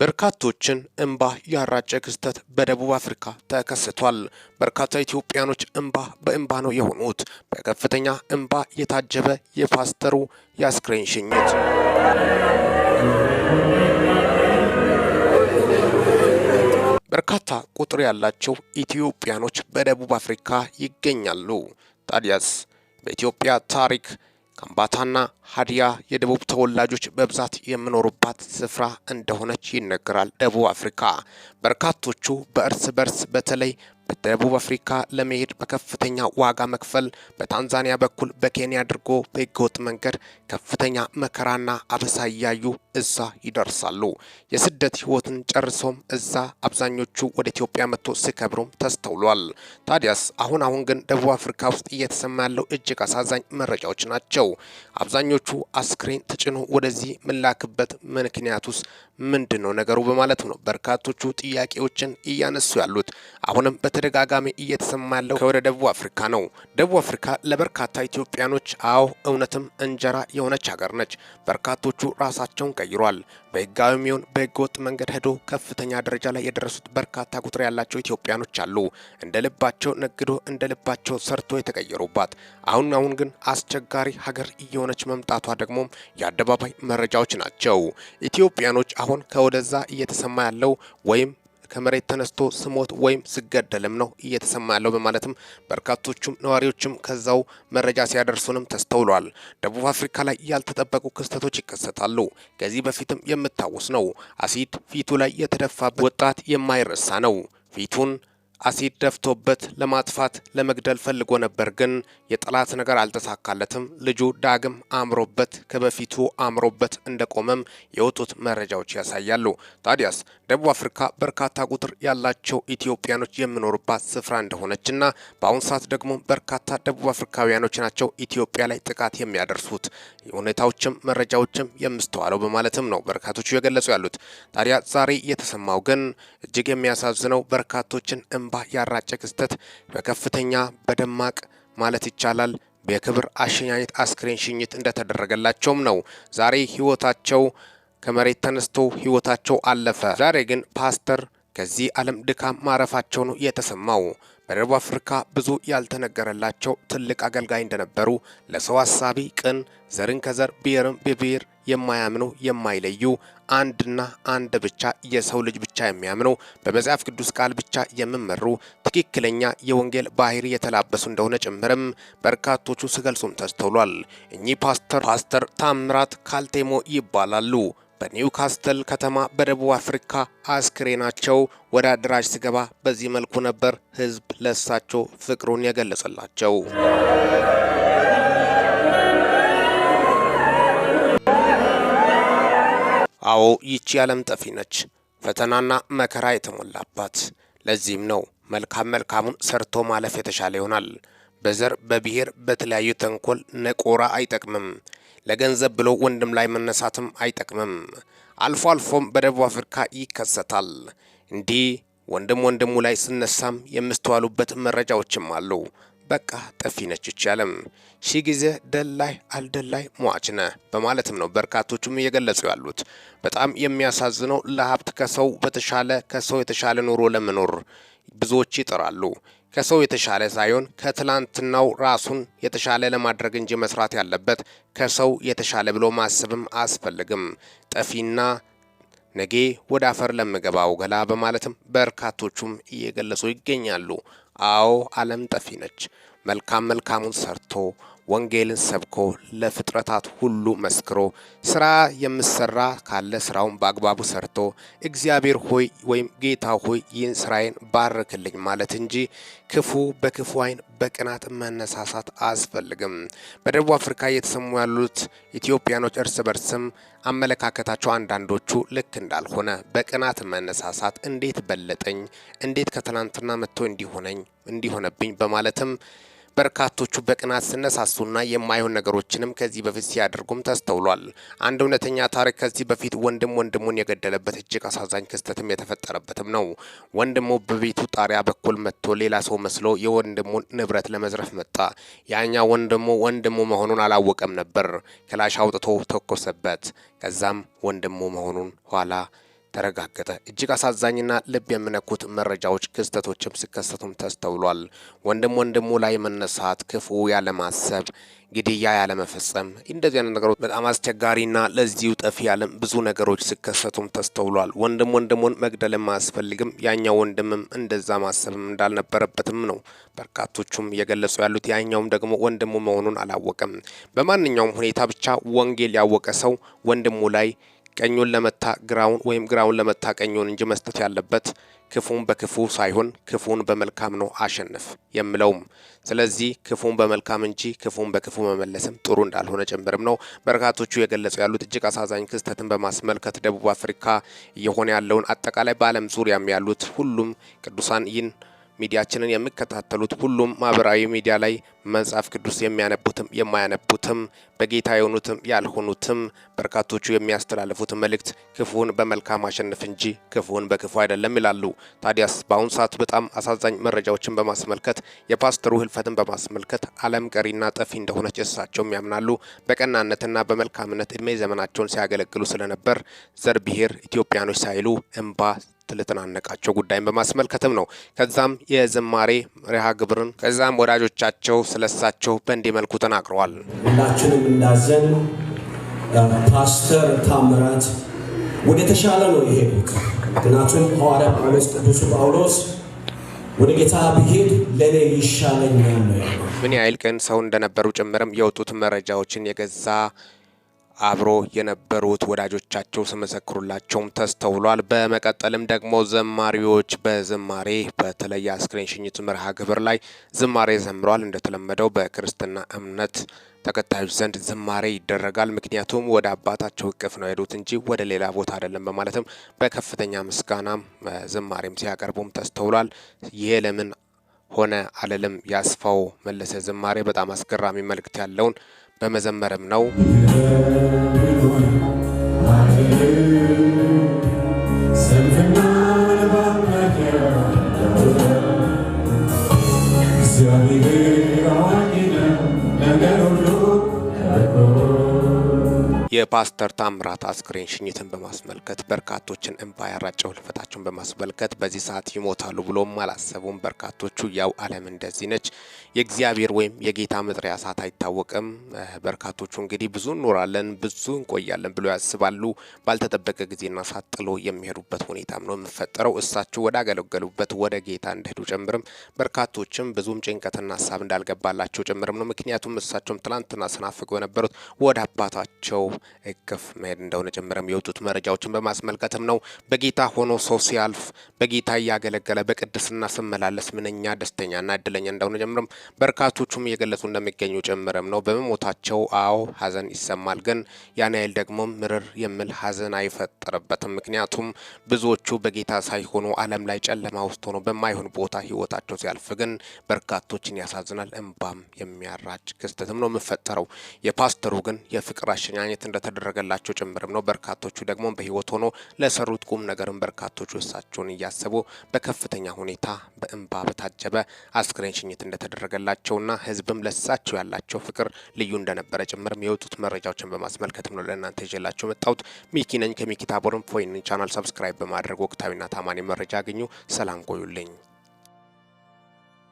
በርካቶችን እንባ ያራጨ ክስተት በደቡብ አፍሪካ ተከስቷል። በርካታ ኢትዮጵያኖች እንባ በእንባ ነው የሆኑት። በከፍተኛ እንባ የታጀበ የፓስተሩ የአስክሬን ሽኝት በርካታ ቁጥር ያላቸው ኢትዮጵያኖች በደቡብ አፍሪካ ይገኛሉ። ታዲያስ በኢትዮጵያ ታሪክ ከምባታና ሀዲያ የደቡብ ተወላጆች በብዛት የሚኖሩባት ስፍራ እንደሆነች ይነገራል። ደቡብ አፍሪካ በርካቶቹ በእርስ በርስ በተለይ በደቡብ አፍሪካ ለመሄድ በከፍተኛ ዋጋ መክፈል በታንዛኒያ በኩል በኬንያ አድርጎ በህገወጥ መንገድ ከፍተኛ መከራና አበሳ እያዩ እዛ ይደርሳሉ። የስደት ህይወትን ጨርሰውም እዛ አብዛኞቹ ወደ ኢትዮጵያ መጥቶ ሲከብሩም ተስተውሏል። ታዲያስ አሁን አሁን ግን ደቡብ አፍሪካ ውስጥ እየተሰማ ያለው እጅግ አሳዛኝ መረጃዎች ናቸው። አብዛኞቹ አስክሬን ተጭኖ ወደዚህ ምላክበት ምክንያቱስ ምንድን ነው ነገሩ በማለት ነው በርካቶቹ ጥያቄዎችን እያነሱ ያሉት። አሁንም በተደጋጋሚ እየተሰማ ያለው ከወደ ደቡብ አፍሪካ ነው። ደቡብ አፍሪካ ለበርካታ ኢትዮጵያኖች አዎ እውነትም እንጀራ የሆነች ሀገር ነች። በርካቶቹ ራሳቸውን ተቀይሯል። በህጋዊም ይሁን በህገ ወጥ መንገድ ሄዶ ከፍተኛ ደረጃ ላይ የደረሱት በርካታ ቁጥር ያላቸው ኢትዮጵያኖች አሉ። እንደ ልባቸው ነግዶ እንደ ልባቸው ሰርቶ የተቀየሩባት። አሁን አሁን ግን አስቸጋሪ ሀገር እየሆነች መምጣቷ ደግሞ የአደባባይ መረጃዎች ናቸው። ኢትዮጵያኖች አሁን ከወደዛ እየተሰማ ያለው ወይም ከመሬት ተነስቶ ስሞት ወይም ስገደልም ነው እየተሰማ ያለው በማለትም በርካቶቹም ነዋሪዎችም ከዛው መረጃ ሲያደርሱንም ተስተውሏል። ደቡብ አፍሪካ ላይ ያልተጠበቁ ክስተቶች ይከሰታሉ። ከዚህ በፊትም የምታወስ ነው። አሲድ ፊቱ ላይ የተደፋበት ወጣት የማይረሳ ነው። ፊቱን አሲድ ደፍቶበት ለማጥፋት ለመግደል ፈልጎ ነበር፣ ግን የጠላት ነገር አልተሳካለትም። ልጁ ዳግም አምሮበት ከበፊቱ አምሮበት እንደቆመም የወጡት መረጃዎች ያሳያሉ። ታዲያስ ደቡብ አፍሪካ በርካታ ቁጥር ያላቸው ኢትዮጵያኖች የሚኖሩባት ስፍራ እንደሆነችና በአሁኑ ሰዓት ደግሞ በርካታ ደቡብ አፍሪካውያኖች ናቸው ኢትዮጵያ ላይ ጥቃት የሚያደርሱት ሁኔታዎችም መረጃዎችም የምስተዋለው በማለትም ነው በርካቶቹ የገለጹ ያሉት። ታዲያ ዛሬ የተሰማው ግን እጅግ የሚያሳዝነው በርካቶችን እንባ ያራጨ ክስተት በከፍተኛ በደማቅ ማለት ይቻላል በክብር አሸኛኘት አስክሬን ሽኝት እንደተደረገላቸውም ነው። ዛሬ ህይወታቸው ከመሬት ተነስቶ ህይወታቸው አለፈ። ዛሬ ግን ፓስተር ከዚህ ዓለም ድካም ማረፋቸው ነው የተሰማው። በደቡብ አፍሪካ ብዙ ያልተነገረላቸው ትልቅ አገልጋይ እንደነበሩ ለሰው አሳቢ፣ ቅን፣ ዘርን ከዘር ብሔርም በብሔር የማያምኑ የማይለዩ አንድና አንድ ብቻ የሰው ልጅ ብቻ የሚያምነው በመጽሐፍ ቅዱስ ቃል ብቻ የሚመሩ ትክክለኛ የወንጌል ባህሪ የተላበሱ እንደሆነ ጭምርም በርካቶቹ ስገልጹም ተስተውሏል። እኚህ ፓስተር ፓስተር ታምራት ካልቴሞ ይባላሉ። በኒውካስተል ከተማ በደቡብ አፍሪካ አስክሬናቸው ወደ አዳራሽ ሲገባ በዚህ መልኩ ነበር ህዝብ ለሳቸው ፍቅሩን የገለጸላቸው። አዎ ይቺ ዓለም ጠፊ ነች፣ ፈተናና መከራ የተሞላባት። ለዚህም ነው መልካም መልካሙን ሰርቶ ማለፍ የተሻለ ይሆናል። በዘር በብሔር በተለያዩ ተንኮል ነቆራ አይጠቅምም። ለገንዘብ ብሎ ወንድም ላይ መነሳትም አይጠቅምም። አልፎ አልፎም በደቡብ አፍሪካ ይከሰታል። እንዲህ ወንድም ወንድሙ ላይ ስነሳም የምስተዋሉበት መረጃዎችም አሉ። በቃ ጠፊ ነች ይቻለም ሺህ ጊዜ ደላይ አልደላይ ሟች ነህ በማለትም ነው በርካቶቹም እየገለጹ ያሉት። በጣም የሚያሳዝነው ለሀብት ከሰው በተሻለ ከሰው የተሻለ ኑሮ ለመኖር ብዙዎች ይጥራሉ። ከሰው የተሻለ ሳይሆን ከትላንትናው ራሱን የተሻለ ለማድረግ እንጂ መስራት ያለበት ከሰው የተሻለ ብሎ ማሰብም አያስፈልግም። ጠፊና ነጌ ወደ አፈር ለምገባው ገላ በማለትም በርካቶቹም እየገለጹ ይገኛሉ። አዎ ዓለም ጠፊ ነች። መልካም መልካሙን ሰርቶ ወንጌልን ሰብኮ ለፍጥረታት ሁሉ መስክሮ ስራ የምሰራ ካለ ስራውን በአግባቡ ሰርቶ እግዚአብሔር ሆይ ወይም ጌታ ሆይ ይህን ስራዬን ባርክልኝ ማለት እንጂ ክፉ በክፉ አይን በቅናት መነሳሳት አያስፈልግም። በደቡብ አፍሪካ እየተሰሙ ያሉት ኢትዮጵያኖች እርስ በርስም አመለካከታቸው አንዳንዶቹ ልክ እንዳልሆነ በቅናት መነሳሳት እንዴት በለጠኝ፣ እንዴት ከትላንትና መጥቶ እንዲሆነኝ እንዲሆነብኝ በማለትም በርካቶቹ በቅናት ሲነሳሱና የማይሆን ነገሮችንም ከዚህ በፊት ሲያደርጉም ተስተውሏል። አንድ እውነተኛ ታሪክ ከዚህ በፊት ወንድም ወንድሙን የገደለበት እጅግ አሳዛኝ ክስተትም የተፈጠረበትም ነው። ወንድሙ በቤቱ ጣሪያ በኩል መጥቶ ሌላ ሰው መስሎ የወንድሙን ንብረት ለመዝረፍ መጣ። ያኛ ወንድሙ ወንድሙ መሆኑን አላወቀም ነበር። ከላሽ አውጥቶ ተኮሰበት። ከዛም ወንድሙ መሆኑን ኋላ ተረጋገጠ። እጅግ አሳዛኝና ልብ የሚነኩት መረጃዎች ክስተቶችም ሲከሰቱም ተስተውሏል። ወንድም ወንድሙ ላይ መነሳት፣ ክፉ ያለማሰብ፣ ግድያ ያለመፈጸም፣ እንደዚህ አይነት ነገሮች በጣም አስቸጋሪና ለዚሁ ጠፊ ያለም ብዙ ነገሮች ሲከሰቱም ተስተውሏል። ወንድም ወንድሙን መግደልም አያስፈልግም፣ ያኛው ወንድምም እንደዛ ማሰብም እንዳልነበረበትም ነው በርካቶቹም እየገለጹ ያሉት። ያኛውም ደግሞ ወንድሙ መሆኑን አላወቀም። በማንኛውም ሁኔታ ብቻ ወንጌል ያወቀ ሰው ወንድሙ ላይ ቀኙን ለመታ ግራውን ወይም ግራውን ለመታ ቀኙን እንጂ መስጠት ያለበት ክፉን በክፉ ሳይሆን ክፉን በመልካም ነው አሸንፍ የምለውም። ስለዚህ ክፉን በመልካም እንጂ ክፉን በክፉ መመለስም ጥሩ እንዳልሆነ ጭምርም ነው በርካቶቹ የገለጹ ያሉት። እጅግ አሳዛኝ ክስተትን በማስመልከት ደቡብ አፍሪካ እየሆነ ያለውን አጠቃላይ በዓለም ዙሪያም ያሉት ሁሉም ቅዱሳን ይህን ሚዲያችንን የሚከታተሉት ሁሉም ማህበራዊ ሚዲያ ላይ መጽሐፍ ቅዱስ የሚያነቡትም የማያነቡትም በጌታ የሆኑትም ያልሆኑትም በርካቶቹ የሚያስተላልፉት መልእክት ክፉን በመልካም አሸንፍ እንጂ ክፉን በክፉ አይደለም ይላሉ። ታዲያስ በአሁኑ ሰዓት በጣም አሳዛኝ መረጃዎችን በማስመልከት የፓስተሩ ህልፈትን በማስመልከት ዓለም ቀሪና ጠፊ እንደሆነች እሳቸውም ያምናሉ። በቀናነትና በመልካምነት እድሜ ዘመናቸውን ሲያገለግሉ ስለነበር ዘር፣ ብሔር ኢትዮጵያኖች ሳይሉ እንባ ለተናነቃቸው ጉዳይን በማስመልከትም ነው። ከዛም የዝማሬ መርሃ ግብርን ከዛም ወዳጆቻቸው ስለሳቸው በእንዲህ መልኩ ተናግረዋል። ሁላችንም እንዳዘን ፓስተር ታምራት ወደ ተሻለ ነው የሄዱት። ምክንያቱም ሐዋርያ ጳውሎስ ቅዱስ ጳውሎስ ወደ ጌታ ብሄድ ለእኔ ይሻለኛል ነው ምን ያህል ቀን ሰው እንደነበሩ ጭምርም የወጡት መረጃዎችን የገዛ አብሮ የነበሩት ወዳጆቻቸው ሲመሰክሩላቸውም ተስተውሏል። በመቀጠልም ደግሞ ዘማሪዎች በዝማሬ በተለይ አስክሬን ሽኝት መርሃ ግብር ላይ ዝማሬ ዘምረዋል። እንደተለመደው በክርስትና እምነት ተከታዮች ዘንድ ዝማሬ ይደረጋል። ምክንያቱም ወደ አባታቸው እቅፍ ነው የሄዱት እንጂ ወደ ሌላ ቦታ አይደለም በማለትም በከፍተኛ ምስጋናም ዝማሬም ሲያቀርቡም ተስተውሏል። ይሄ ለምን ሆነ አለልም ያስፋው መለሰ ዝማሬ በጣም አስገራሚ መልእክት ያለውን በመዘመርም ነው። ማስተር ታምራት አስክሬን ሽኝትን በማስመልከት በርካቶችን እንባ ያራጨው ህልፈታቸውን በማስመልከት በዚህ ሰዓት ይሞታሉ ብሎም አላሰቡም። በርካቶቹ ያው ዓለም እንደዚህ ነች፣ የእግዚአብሔር ወይም የጌታ መጥሪያ ሰዓት አይታወቅም። በርካቶቹ እንግዲህ ብዙ እንኖራለን፣ ብዙ እንቆያለን ብሎ ያስባሉ። ባልተጠበቀ ጊዜና ሰዓት ጥሎ የሚሄዱበት ሁኔታም ነው የሚፈጠረው። እሳቸው አገለገሉበት ወደ ጌታ እንደሄዱ ጭምርም በርካቶችም ብዙም ጭንቀትና ሀሳብ እንዳልገባላቸው ጭምርም ነው። ምክንያቱም እሳቸውም ትላንትና ስናፍቀው የነበሩት ወደ አባታቸው ከፍ መሄድ እንደሆነ ጀምረም የወጡት መረጃዎችን በማስመልከትም ነው። በጌታ ሆኖ ሰው ሲያልፍ በጌታ እያገለገለ በቅድስና ስመላለስ ምንኛ ደስተኛና እድለኛ እንደሆነ ጀምረም በርካቶቹም እየገለጹ እንደሚገኙ ጀምረም ነው። በመሞታቸው አዎ ሀዘን ይሰማል፣ ግን ያን ያህል ደግሞ ምርር የሚል ሀዘን አይፈጠርበትም። ምክንያቱም ብዙዎቹ በጌታ ሳይሆኑ ዓለም ላይ ጨለማ ውስጥ ሆኖ በማይሆን ቦታ ህይወታቸው ሲያልፍ ግን በርካቶችን ያሳዝናል። እንባም የሚያራጭ ክስተትም ነው የምፈጠረው። የፓስተሩ ግን የፍቅር አሸኛኘት እንደተደረ የተደረገላቸው ጭምርም ነው። በርካቶቹ ደግሞ በህይወት ሆኖ ለሰሩት ቁም ነገርም በርካቶቹ እሳቸውን እያሰቡ በከፍተኛ ሁኔታ በእንባ በታጀበ አስክሬን ሽኝት እንደተደረገላቸውና ህዝብም ለሳቸው ያላቸው ፍቅር ልዩ እንደነበረ ጭምርም የወጡት መረጃዎችን በማስመልከትም ነው ለእናንተ ይዤላቸው መጣሁት። ሚኪ ነኝ ከሚኪታቦርም ፎይን ቻናል ሰብስክራይብ በማድረግ ወቅታዊና ታማኒ መረጃ ያገኙ። ሰላም ቆዩልኝ።